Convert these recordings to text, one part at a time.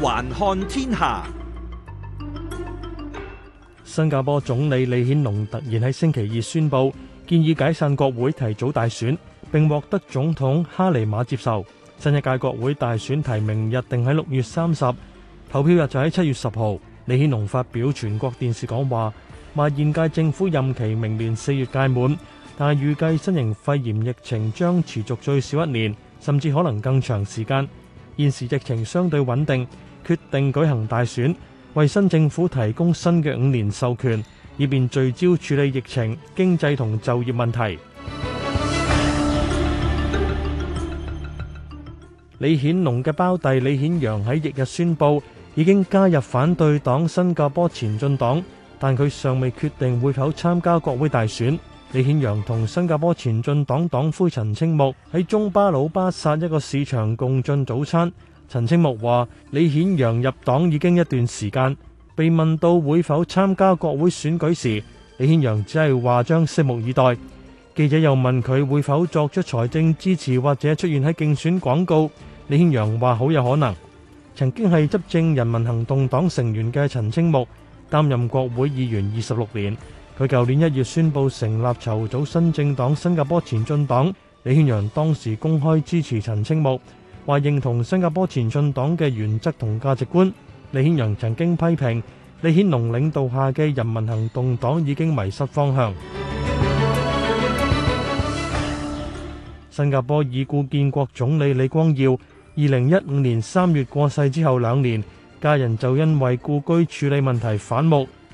環看天下，新加坡總理李顯龍突然喺星期二宣布，建議解散國會提早大選，並獲得總統哈莉瑪接受。新一屆國會大選提名日定喺六月三十，投票日就喺七月十號。李顯龍發表全國電視講話，話現屆政府任期明年四月屆滿。但係預計新型肺炎疫情將持續最少一年，甚至可能更長時間。現時疫情相對穩定，決定舉行大選，為新政府提供新嘅五年授權，以便聚焦處理疫情、經濟同就業問題。李顯龍嘅胞弟李顯揚喺翌日宣布已經加入反對黨新加坡前進黨，但佢尚未決定會否參加國會大選。李顯揚同新加坡前進黨黨魁陳清木喺中巴魯巴剎一個市場共進早餐。陳清木話：李顯揚入黨已經一段時間。被問到會否參加國會選舉時，李顯揚只係話將拭目以待。記者又問佢會否作出財政支持或者出現喺競選廣告，李顯揚話好有可能。曾經係執政人民行動黨成員嘅陳清木，擔任國會議員二十六年。佢舊年一月宣布成立籌組新政黨新加坡前進黨，李顯揚當時公開支持陳清木，話認同新加坡前進黨嘅原則同價值觀。李顯揚曾經批評李顯龍領導下嘅人民行動黨已經迷失方向。 新加坡已故建國總理李光耀，二零一五年三月過世之後兩年，家人就因為故居處理問題反目。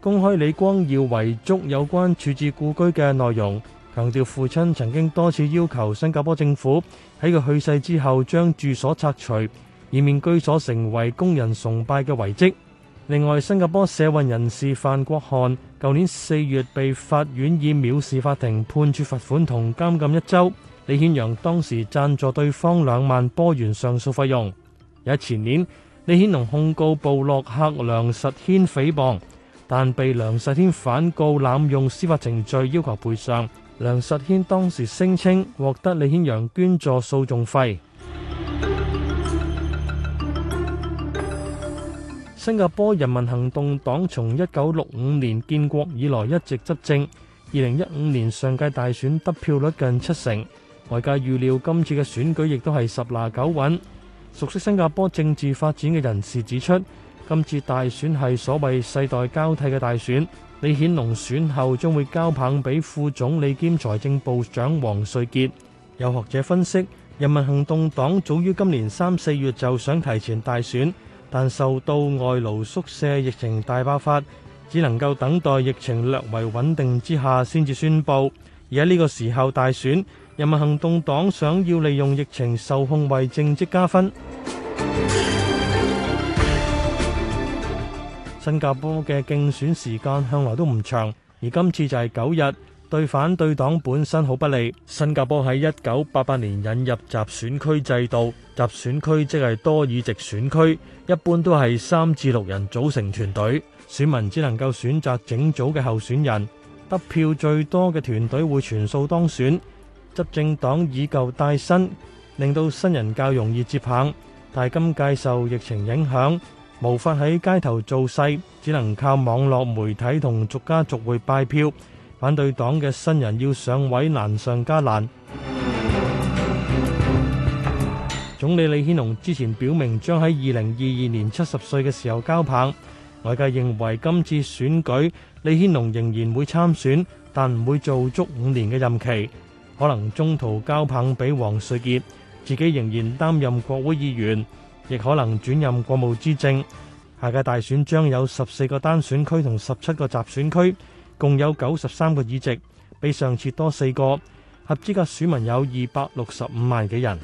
公開李光耀遺囑有關處置故居嘅內容，強調父親曾經多次要求新加坡政府喺佢去世之後將住所拆除，以免居所成為工人崇拜嘅遺跡。另外，新加坡社運人士范國瀚舊年四月被法院以藐視法庭判處罰款同監禁一周，李顯揚當時贊助對方兩萬坡元上訴費用。也前年李顯龍控告部落客梁實軒誹謗。但被梁實軒反告濫用司法程序，要求賠償。梁實軒當時聲稱獲得李顯揚捐助訴訟費。新加坡人民行動黨從一九六五年建國以來一直執政，二零一五年上屆大選得票率近七成，外界預料今次嘅選舉亦都係十拿九穩。熟悉新加坡政治發展嘅人士指出，今次大選係所謂世代交替嘅大選，李顯龍選後將會交棒俾副總理兼財政部長王瑞傑。有學者分析，人民行動黨早於今年三四月就想提前大選，但受到外勞宿舍疫情大爆發，只能夠等待疫情略為穩定之下先至宣佈。而喺呢個時候大選，人民行動黨想要利用疫情受控為政績加分。新加坡嘅競選時間向來都唔長，而今次就係九日，對反對黨本身好不利。新加坡喺一九八八年引入集選區制度，集選區即係多議席選區，一般都係三至六人組成團隊，選民只能夠選擇整組嘅候選人，得票最多嘅團隊會全數當選。執政黨以舊帶新，令到新人較容易接棒，但係今屆受疫情影響。無法喺街頭造勢，只能靠網絡媒體同逐家族會拜票。反對黨嘅新人要上位難上加難。 總理李顯龍之前表明將喺二零二二年七十歲嘅時候交棒，外界認為今次選舉李顯龍仍然會參選，但唔會做足五年嘅任期，可能中途交棒俾黃瑞傑，自己仍然擔任國會議員。亦可能轉任國務資政。下屆大選將有十四個單選區同十七個集選區，共有九十三個議席，比上次多四個。合資格選民有二百六十五萬幾人。